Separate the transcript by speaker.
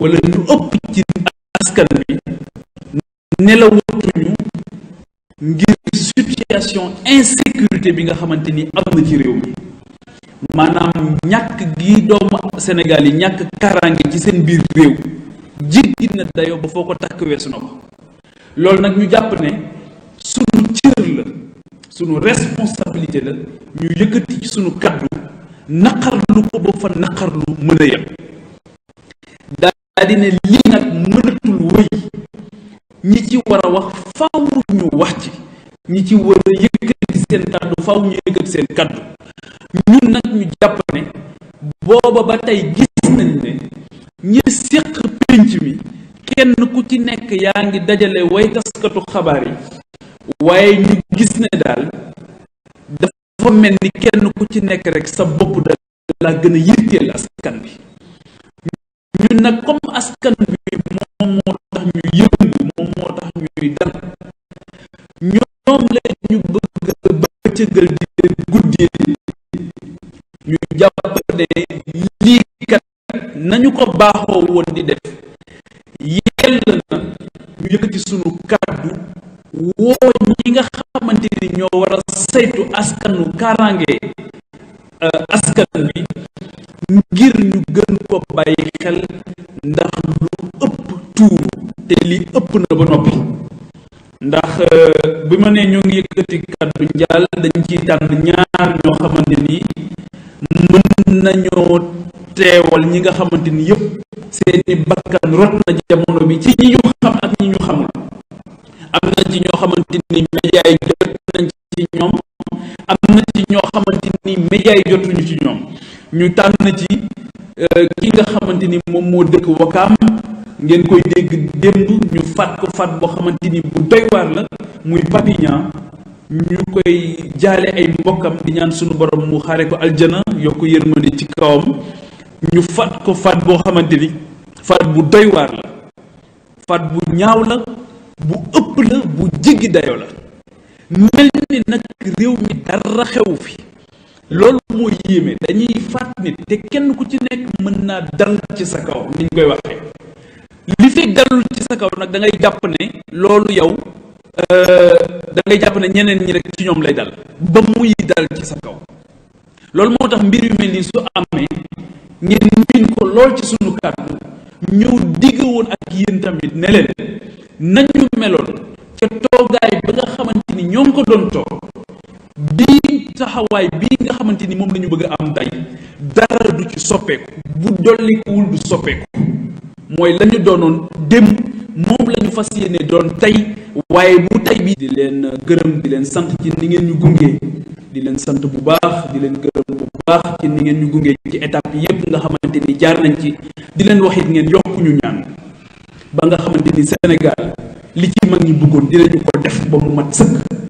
Speaker 1: wala ñu ëpp ci askan bi nelawatuñu ngir situation insécurité bi nga xamante ni am na ci réew mi maanaam ñàkk gi doomu Sénégal yi ñàkk kaaraange ci seen biir réew jéggi na dayoo ba foo ko takk weesu na ko loolu nag ñu jàpp ne sunu cër la sunu responsabilité la ñu yëkkati ci sunu kàddu naqarlu ko ba fa naqarlu mën a yem daal ñi ci a wax faw ñu wax ci ñi ci a yëkkati seen kàddu faw ñu yëkkati seen kàddu ñun nag kenn ku ci nekk yaa ngi dajale way taskatu xabaar yi waaye ñu gis dafa mel ni kenn ku ci nekk rek sa bopp da laa gën a askan bi ñun na comme askan bi moom moo tax ñu yëngu moom moo tax ñuy dal ñoom leen ñu bëgg a bëccëgal di leen guddee ñu jàpp lii kat nañu ko baaxoo woon di def yell na ñu yëkkati sunu kàddu woo ñi nga xamante ni ñoo war a saytu askanu kaaraange euh, askan bi ngir ñu gën ko bàyyi xel ndax lu ëpp tuur te li ëpp na ba noppi ndax euh, bi ma nee ñoo ngi yëkkati kàddu njaal dañ ciy tànn ñaar ñoo xamante ni mën nañoo teewal ñi nga xamante ni yëpp seeni bakkan rot na jamono bi ci ñi ñu xam ak ñi ñu xamul am na ci ñoo xamante ni média yi jot nañ ci ñoom am na ci ñoo xamante ni média jotuñu ci ñoom ñu tànn ci Euh, ki nga xamante ni moom moo dëkk wakaam ngeen koy dégg démb ñu faat ko faat boo xamante ni bu doy waar la muy papignan ñu koy jaale ay mbokkam di ñaan sunu borom mu xaare ko aljana yokk yërmande ci kawam ñu faat ko faat boo xamante ni faat bu doy la faat bu ñaaw la bu ëpp la bu jéggi dayo la mel ni nag réew mi dara xewu fi loolu moo yéeme dañuy faat nit te kenn ku ci nekk mën naa dal ci sa kaw ni ñu koy waxee li fekk dalul ci sa kaw nag dangay ngay jàpp ne loolu yow euh, da ngay jàpp ne ñeneen ñi rek ci ñoom lay dal ba muy dal ci sa kaw loolu moo tax mbir yu mel nii su amee ngeen miin ko lool ci sunu kàddu ñëw digg woon ak yéen tamit ne leen nañu meloon ca toogaay ba nga xamante ni ñoo ngi ko doon toog taxawaay bii nga xamante ni moom la bëgg a am tey dara du ci soppeeku bu dollikuwul du soppeeku mooy la ñu doonoon démb moom la ñu fas yéene doon tey waaye bu tey bi di leen gërëm di leen sant ci ni ngeen ñu gungee di leen sant bu baax di leen gërëm bu baax ci ni ngeen ñu gungee ci étape yépp nga xamante ni jaar nañ ci di leen wax ngeen yokk ñu ñaan ba nga xamante ni Sénégal li ci mag ñi bëggoon dinañu ko def ba mu mat sëkk